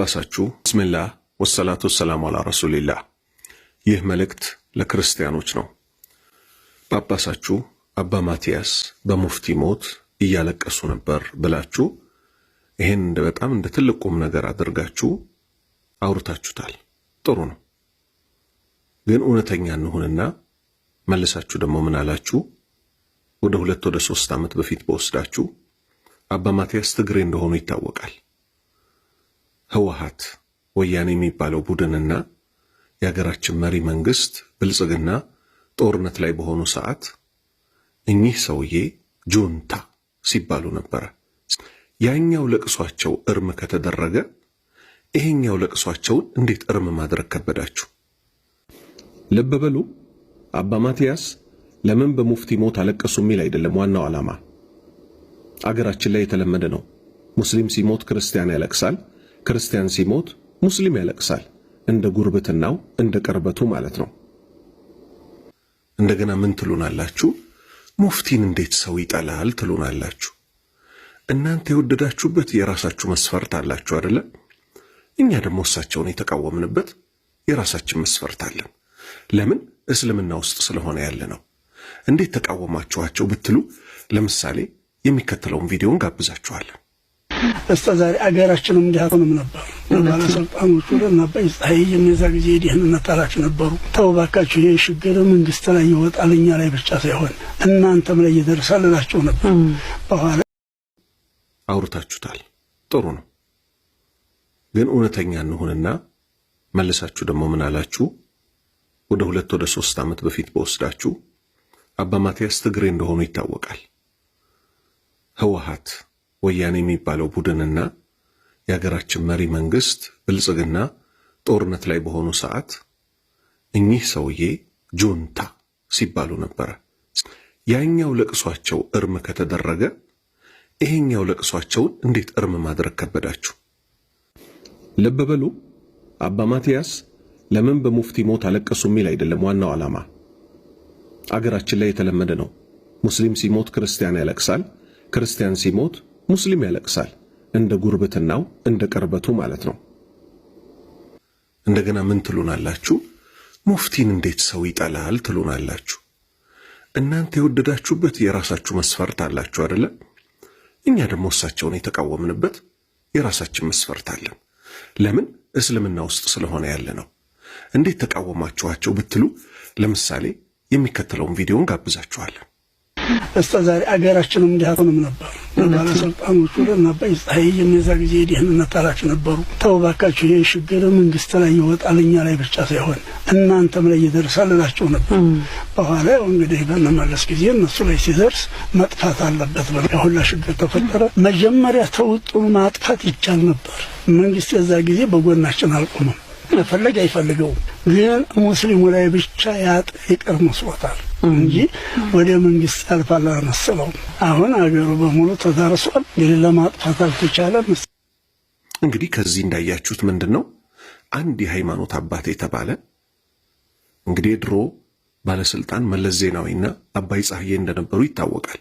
ይድረስባችሁ። ብስሚላህ ወሰላቱ ወሰላሙ አላ ረሱሊላህ። ይህ መልእክት ለክርስቲያኖች ነው። ጳጳሳችሁ አባ ማቲያስ በሙፍቲ ሞት እያለቀሱ ነበር ብላችሁ ይህን በጣም እንደ ትልቅ ቁም ነገር አድርጋችሁ አውርታችሁታል። ጥሩ ነው፣ ግን እውነተኛ እንሁንና መልሳችሁ ደግሞ ምን አላችሁ? ወደ ሁለት ወደ ሶስት ዓመት በፊት በወስዳችሁ አባ ማቲያስ ትግሬ እንደሆኑ ይታወቃል። ህወሀት ወያኔ የሚባለው ቡድንና የሀገራችን መሪ መንግስት ብልጽግና ጦርነት ላይ በሆኑ ሰዓት እኚህ ሰውዬ ጁንታ ሲባሉ ነበረ። ያኛው ለቅሷቸው እርም ከተደረገ ይሄኛው ለቅሷቸውን እንዴት እርም ማድረግ ከበዳችሁ? ልብ በሉ። አባ ማትያስ ለምን በሙፍቲ ሞት አለቀሱ የሚል አይደለም ዋናው ዓላማ። አገራችን ላይ የተለመደ ነው። ሙስሊም ሲሞት ክርስቲያን ያለቅሳል ክርስቲያን ሲሞት ሙስሊም ያለቅሳል። እንደ ጉርብትናው እንደ ቅርበቱ ማለት ነው። እንደገና ምን ትሉናላችሁ? ሙፍቲን እንዴት ሰው ይጠላል ትሉናላችሁ። እናንተ የወደዳችሁበት የራሳችሁ መስፈርት አላችሁ አደለ? እኛ ደግሞ እሳቸውን የተቃወምንበት የራሳችን መስፈርት አለን። ለምን እስልምና ውስጥ ስለሆነ ያለ ነው። እንዴት ተቃወማችኋቸው ብትሉ ለምሳሌ የሚከተለውን ቪዲዮን ጋብዛችኋለን። እስከ ዛሬ አገራችንም እንዲህ አትሆንም ነበር። ባለስልጣኖቹ ለናባይ ፀሐይ የሚዛ ጊዜ የደህንነት ኃላፊ ነበሩ። ተውባካችሁ ይሄ ችግር መንግስት ላይ ይወጣል እኛ ላይ ብቻ ሳይሆን እናንተም ላይ ይደርሳል እላቸው ነበር። በኋላ አውርታችሁታል፣ ጥሩ ነው። ግን እውነተኛ እንሁንና መልሳችሁ ደግሞ ምን አላችሁ? ወደ ሁለት ወደ ሶስት ዓመት በፊት በወስዳችሁ አባ ማትያስ ትግሬ እንደሆኑ ይታወቃል። ህወሓት ወያኔ የሚባለው ቡድንና የሀገራችን መሪ መንግስት ብልጽግና ጦርነት ላይ በሆኑ ሰዓት እኚህ ሰውዬ ጁንታ ሲባሉ ነበረ። ያኛው ለቅሷቸው እርም ከተደረገ ይሄኛው ለቅሷቸውን እንዴት እርም ማድረግ ከበዳችሁ? ልብ በሉ። አባ ማትያስ ለምን በሙፍቲ ሞት አለቀሱ የሚል አይደለም ዋናው ዓላማ። አገራችን ላይ የተለመደ ነው። ሙስሊም ሲሞት ክርስቲያን ያለቅሳል፣ ክርስቲያን ሲሞት ሙስሊም ያለቅሳል። እንደ ጉርብትናው እንደ ቅርበቱ ማለት ነው። እንደገና ምን ትሉናላችሁ? ሙፍቲን እንዴት ሰው ይጠላል ትሉናላችሁ። እናንተ የወደዳችሁበት የራሳችሁ መስፈርት አላችሁ አደለ? እኛ ደግሞ እሳቸውን የተቃወምንበት የራሳችን መስፈርት አለን። ለምን እስልምና ውስጥ ስለሆነ ያለ ነው። እንዴት ተቃወማችኋቸው ብትሉ ለምሳሌ የሚከተለውን ቪዲዮን ጋብዛችኋለን። እስከ ዛሬ አገራችንም እንዲህ ነበር ባለስልጣኖቹ ለናባይ ፀሐይ የነዛ ጊዜ የደህንነት ኃላፊ ነበሩ። ተው ባካችሁ፣ ይህ ችግር መንግስት ላይ ይወጣል እኛ ላይ ብቻ ሳይሆን እናንተም ላይ ይደርሳል እላቸው ነበር። በኋላ ያው እንግዲህ በመመለስ ጊዜ እነሱ ላይ ሲደርስ መጥፋት አለበት ብለ የሁላ ችግር ተፈጠረ። መጀመሪያ ተውጡን ማጥፋት ይቻል ነበር። መንግስት የዛ ጊዜ በጎናችን አልቆመም። መፈለግ አይፈልገውም፣ ግን ሙስሊሙ ላይ ብቻ ያጥ ይቅር መስሎታል። እንጂ ወደ መንግስት ያልፋል አልመሰለውም። አሁን አገሩ በሙሉ ተዳርሷል። የሌለ ማጥፋት አልተቻለም። እንግዲህ ከዚህ እንዳያችሁት ምንድን ነው አንድ የሃይማኖት አባት የተባለ እንግዲህ ድሮ ባለስልጣን መለስ ዜናዊና አባይ ፀሐዬ እንደነበሩ ይታወቃል።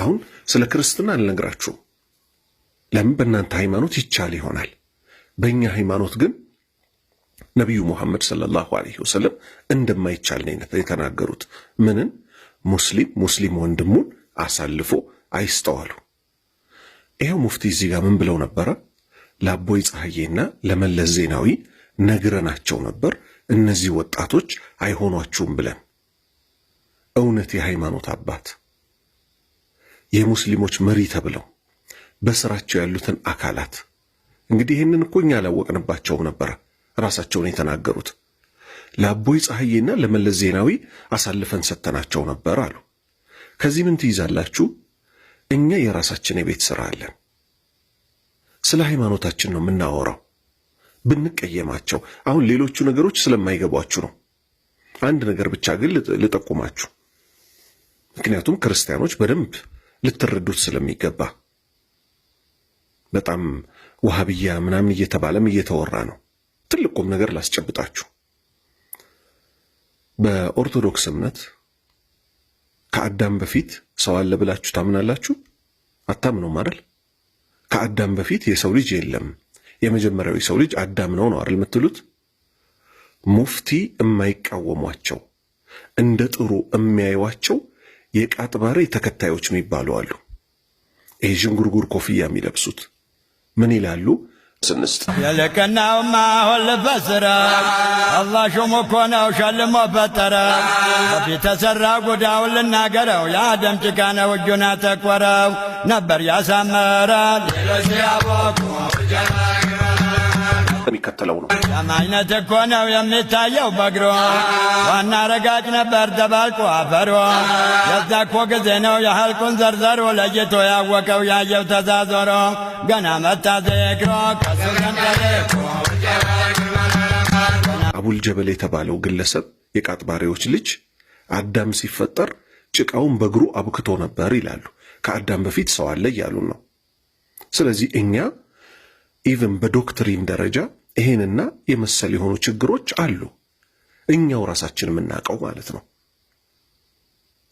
አሁን ስለ ክርስትና አልነግራችሁም። ለምን? በእናንተ ሃይማኖት ይቻል ይሆናል፣ በእኛ ሃይማኖት ግን ነቢዩ ሙሐመድ ሰለላሁ ዐለይሂ ወሰለም እንደማይቻል ነው የተናገሩት። ምንን ሙስሊም ሙስሊም ወንድሙን አሳልፎ አይስተዋሉ። ይኸው ሙፍቲ እዚህ ጋር ምን ብለው ነበረ? ለአቦይ ፀሐዬና ለመለስ ዜናዊ ነግረናቸው ነበር፣ እነዚህ ወጣቶች አይሆኗችሁም ብለን። እውነት የሃይማኖት አባት የሙስሊሞች መሪ ተብለው በስራቸው ያሉትን አካላት እንግዲህ ይህንን እኮ እኛ አላወቅንባቸውም ነበረ ራሳቸውን የተናገሩት። ለአቦይ ፀሐዬና ለመለስ ዜናዊ አሳልፈን ሰጥተናቸው ነበር አሉ። ከዚህ ምን ትይዛላችሁ? እኛ የራሳችን የቤት ሥራ አለን። ስለ ሃይማኖታችን ነው የምናወራው። ብንቀየማቸው አሁን ሌሎቹ ነገሮች ስለማይገቧችሁ ነው። አንድ ነገር ብቻ ግን ልጠቁማችሁ፣ ምክንያቱም ክርስቲያኖች በደንብ ልትረዱት ስለሚገባ በጣም ውሃብያ ምናምን እየተባለም እየተወራ ነው። ትልቅ ቁም ነገር ላስጨብጣችሁ። በኦርቶዶክስ እምነት ከአዳም በፊት ሰው አለ ብላችሁ ታምናላችሁ? አታምነውም አይደል? ከአዳም በፊት የሰው ልጅ የለም፣ የመጀመሪያው ሰው ልጅ አዳም ነው ነው አይደል የምትሉት? ሙፍቲ የማይቃወሟቸው እንደ ጥሩ የሚያዩዋቸው የቃጥባሬ ተከታዮች የሚባሉ አሉ። ይህ ዥንጉርጉር ኮፍያ የሚለብሱት ምን ይላሉ? ስንስት የልቅናውማ ሁልበት በስረ አላህ ሹሙ እኮ ነው ሸልሞ ፈጠረ። ቢተሰራ ጉዳውን ልናገረው የአደም ጭቃ ነው እጁን ነበር ያሳመረ ሌሎች ያቦቁ ጀናግረ የሚከተለው ነው። አይነት እኮ ነው የሚታየው በግሮ ዋና ረጋጭ ነበር ተባልቆ አፈሮ የዛ እኮ ጊዜ ነው የሀልቁን ዘርዘሮ ለይቶ ያወቀው ያየው ተዛዞሮ ገና መታ ዘግሮ ከሱ የተባለው ግለሰብ የቃጥባሪዎች ልጅ አዳም ሲፈጠር ጭቃውን በእግሩ አብክቶ ነበር ይላሉ። ከአዳም በፊት ሰው አለ እያሉ ነው። ስለዚህ እኛ ኢቨን በዶክትሪን ደረጃ ይሄንና የመሰል የሆኑ ችግሮች አሉ፣ እኛው ራሳችን የምናውቀው ማለት ነው።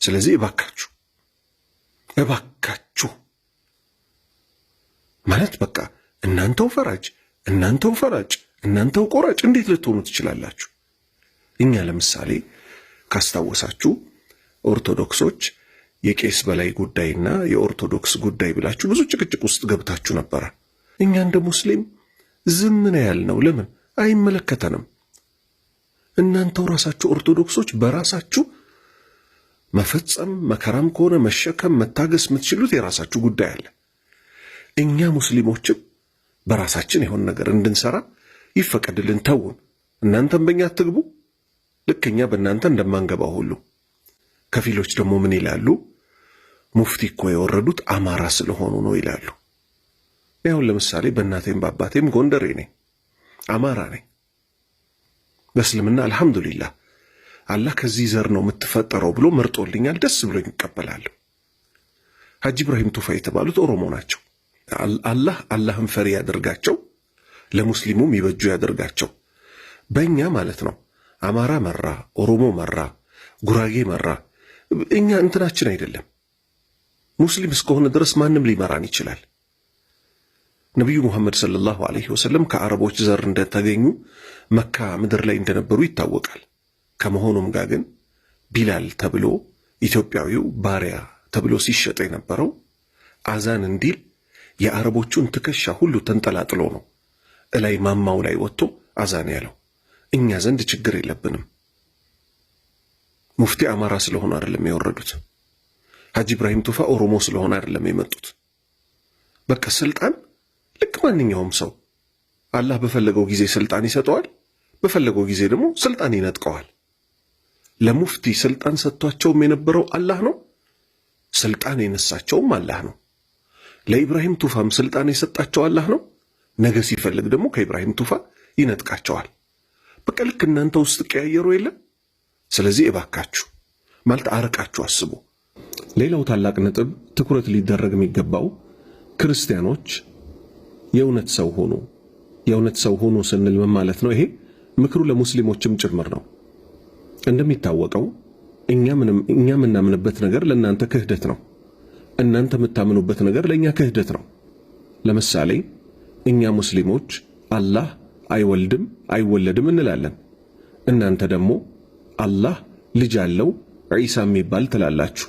ስለዚህ እባካችሁ እባካችሁ ማለት በቃ እናንተው ፈራጅ እናንተው ፈራጭ እናንተው ቆራጭ እንዴት ልትሆኑ ትችላላችሁ? እኛ ለምሳሌ ካስታወሳችሁ ኦርቶዶክሶች የቄስ በላይ ጉዳይና የኦርቶዶክስ ጉዳይ ብላችሁ ብዙ ጭቅጭቅ ውስጥ ገብታችሁ ነበረ። እኛ እንደ ሙስሊም ዝም ነው ያልነው። ለምን አይመለከተንም? እናንተው ራሳችሁ ኦርቶዶክሶች በራሳችሁ መፈጸም መከራም ከሆነ መሸከም መታገስ የምትችሉት የራሳችሁ ጉዳይ አለ። እኛ ሙስሊሞችም በራሳችን የሆን ነገር እንድንሰራ ይፈቀድልን። ተውን፣ እናንተም በእኛ አትግቡ፣ ልክ እኛ በእናንተ እንደማንገባው ሁሉ። ከፊሎች ደግሞ ምን ይላሉ? ሙፍቲ እኮ የወረዱት አማራ ስለሆኑ ነው ይላሉ። ይሁን ለምሳሌ በእናቴም በአባቴም ጎንደሬ ነኝ፣ አማራ ነኝ። በእስልምና አልሐምዱሊላህ አላህ ከዚህ ዘር ነው የምትፈጠረው ብሎ መርጦልኛል። ደስ ብሎኝ ይቀበላሉ። ሀጅ ኢብራሂም ቱፋ የተባሉት ኦሮሞ ናቸው። አላህ አላህን ፈሪ ያደርጋቸው፣ ለሙስሊሙም ይበጁ ያደርጋቸው። በእኛ ማለት ነው አማራ መራ፣ ኦሮሞ መራ፣ ጉራጌ መራ፣ እኛ እንትናችን አይደለም። ሙስሊም እስከሆነ ድረስ ማንም ሊመራን ይችላል። ነቢዩ ሙሐመድ ሰለላሁ ዐለይሂ ወሰለም ከአረቦች ዘር እንደተገኙ መካ ምድር ላይ እንደነበሩ ይታወቃል። ከመሆኑም ጋር ግን ቢላል ተብሎ ኢትዮጵያዊው ባሪያ ተብሎ ሲሸጥ የነበረው አዛን እንዲል የአረቦቹን ትከሻ ሁሉ ተንጠላጥሎ ነው እላይ ማማው ላይ ወጥቶ አዛን ያለው። እኛ ዘንድ ችግር የለብንም። ሙፍቲ አማራ ስለሆኑ አይደለም የወረዱት። ሐጂ ኢብራሂም ቱፋ ኦሮሞ ስለሆነ አይደለም የመጡት። በቃ ስልጣን ልክ ማንኛውም ሰው አላህ በፈለገው ጊዜ ስልጣን ይሰጠዋል፣ በፈለገው ጊዜ ደግሞ ስልጣን ይነጥቀዋል። ለሙፍቲ ስልጣን ሰጥቷቸውም የነበረው አላህ ነው፣ ስልጣን የነሳቸውም አላህ ነው። ለኢብራሂም ቱፋም ስልጣን የሰጣቸው አላህ ነው። ነገ ሲፈልግ ደግሞ ከኢብራሂም ቱፋ ይነጥቃቸዋል። በቃ ልክ እናንተ ውስጥ ቀያየሩ የለም። ስለዚህ እባካችሁ ማለት አርቃችሁ አስቡ። ሌላው ታላቅ ነጥብ ትኩረት ሊደረግ የሚገባው ክርስቲያኖች የእውነት ሰው ሆኑ። የእውነት ሰው ሆኑ ስንል ምን ማለት ነው? ይሄ ምክሩ ለሙስሊሞችም ጭምር ነው። እንደሚታወቀው እኛ የምናምንበት ነገር ለእናንተ ክህደት ነው። እናንተ የምታምኑበት ነገር ለእኛ ክህደት ነው። ለምሳሌ እኛ ሙስሊሞች አላህ አይወልድም አይወለድም እንላለን። እናንተ ደግሞ አላህ ልጅ አለው ዒሳ የሚባል ትላላችሁ።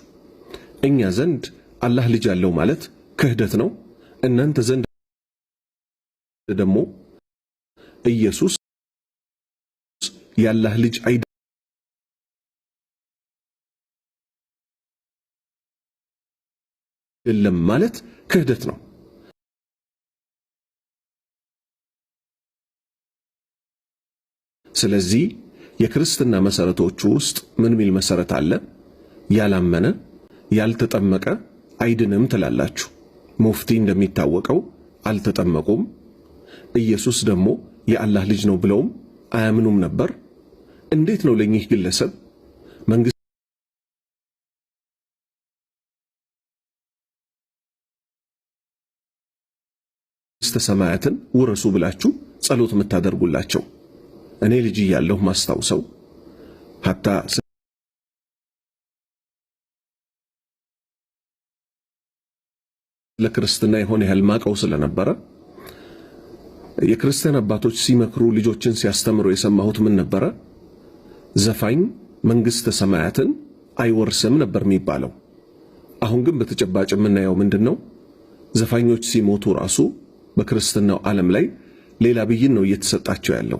እኛ ዘንድ አላህ ልጅ አለው ማለት ክህደት ነው። እናንተ ዘንድ ደግሞ ኢየሱስ ያላህ ልጅ አይደለም ማለት ክህደት ነው። ስለዚህ የክርስትና መሰረቶቹ ውስጥ ምን ሚል መሰረት አለ? ያላመነ ያልተጠመቀ አይድንም ትላላችሁ። ሙፍቲ እንደሚታወቀው አልተጠመቁም። ኢየሱስ ደግሞ የአላህ ልጅ ነው ብለውም አያምኑም ነበር። እንዴት ነው ለኚህ ግለሰብ መንግሥት ሰማያትን ውረሱ ብላችሁ ጸሎት የምታደርጉላቸው? እኔ ልጅ እያለሁ ማስታውሰው ሀታ ለክርስትና የሆነ ያህል ማቀው ስለነበረ የክርስቲያን አባቶች ሲመክሩ ልጆችን ሲያስተምሩ የሰማሁት ምን ነበረ? ዘፋኝ መንግሥተ ሰማያትን አይወርስም ነበር የሚባለው። አሁን ግን በተጨባጭ የምናየው ምንድን ነው? ዘፋኞች ሲሞቱ ራሱ በክርስትናው ዓለም ላይ ሌላ ብይን ነው እየተሰጣቸው ያለው።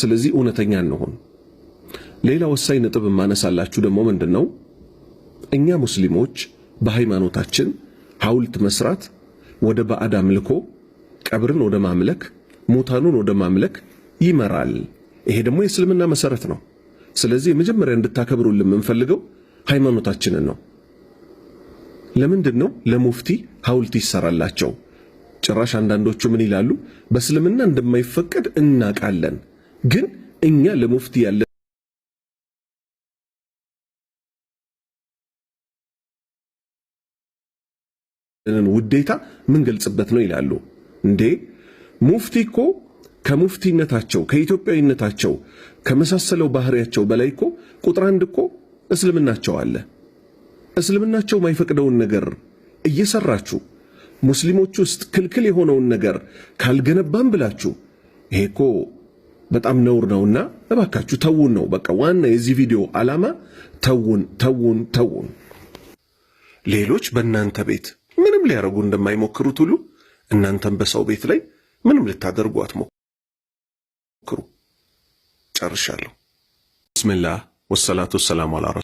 ስለዚህ እውነተኛ እንሆን። ሌላ ወሳኝ ነጥብ የማነሳላችሁ ደግሞ ምንድን ነው? እኛ ሙስሊሞች በሃይማኖታችን ሐውልት መስራት ወደ ባዕድ አምልኮ ቀብርን ወደ ማምለክ፣ ሙታኑን ወደ ማምለክ ይመራል። ይሄ ደግሞ የእስልምና መሰረት ነው። ስለዚህ የመጀመሪያ እንድታከብሩልን የምንፈልገው ሃይማኖታችንን ነው። ለምንድን ነው ለሙፍቲ ሐውልት ይሰራላቸው? ጭራሽ አንዳንዶቹ ምን ይላሉ? በእስልምና እንደማይፈቀድ እናቃለን፣ ግን እኛ ለሙፍቲ ያለ ውዴታ ምን ገልጽበት ነው ይላሉ። እንዴ ሙፍቲ እኮ ከሙፍቲነታቸው ከኢትዮጵያዊነታቸው ከመሳሰለው ባህሪያቸው በላይ እኮ ቁጥር አንድ እኮ እስልምናቸው አለ። እስልምናቸው ማይፈቅደውን ነገር እየሰራችሁ ሙስሊሞች ውስጥ ክልክል የሆነውን ነገር ካልገነባም ብላችሁ ይሄ እኮ በጣም ነውር ነውና እባካችሁ ተውን ነው በቃ። ዋና የዚህ ቪዲዮ ዓላማ ተውን፣ ተውን፣ ተውን። ሌሎች በእናንተ ቤት ምንም ሊያደርጉ እንደማይሞክሩት ሁሉ እናንተም በሰው ቤት ላይ ምንም ልታደርጉ አትሞክሩ። ጨርሻለሁ። ብስምላህ ወሰላቱ ወሰላሙ አላ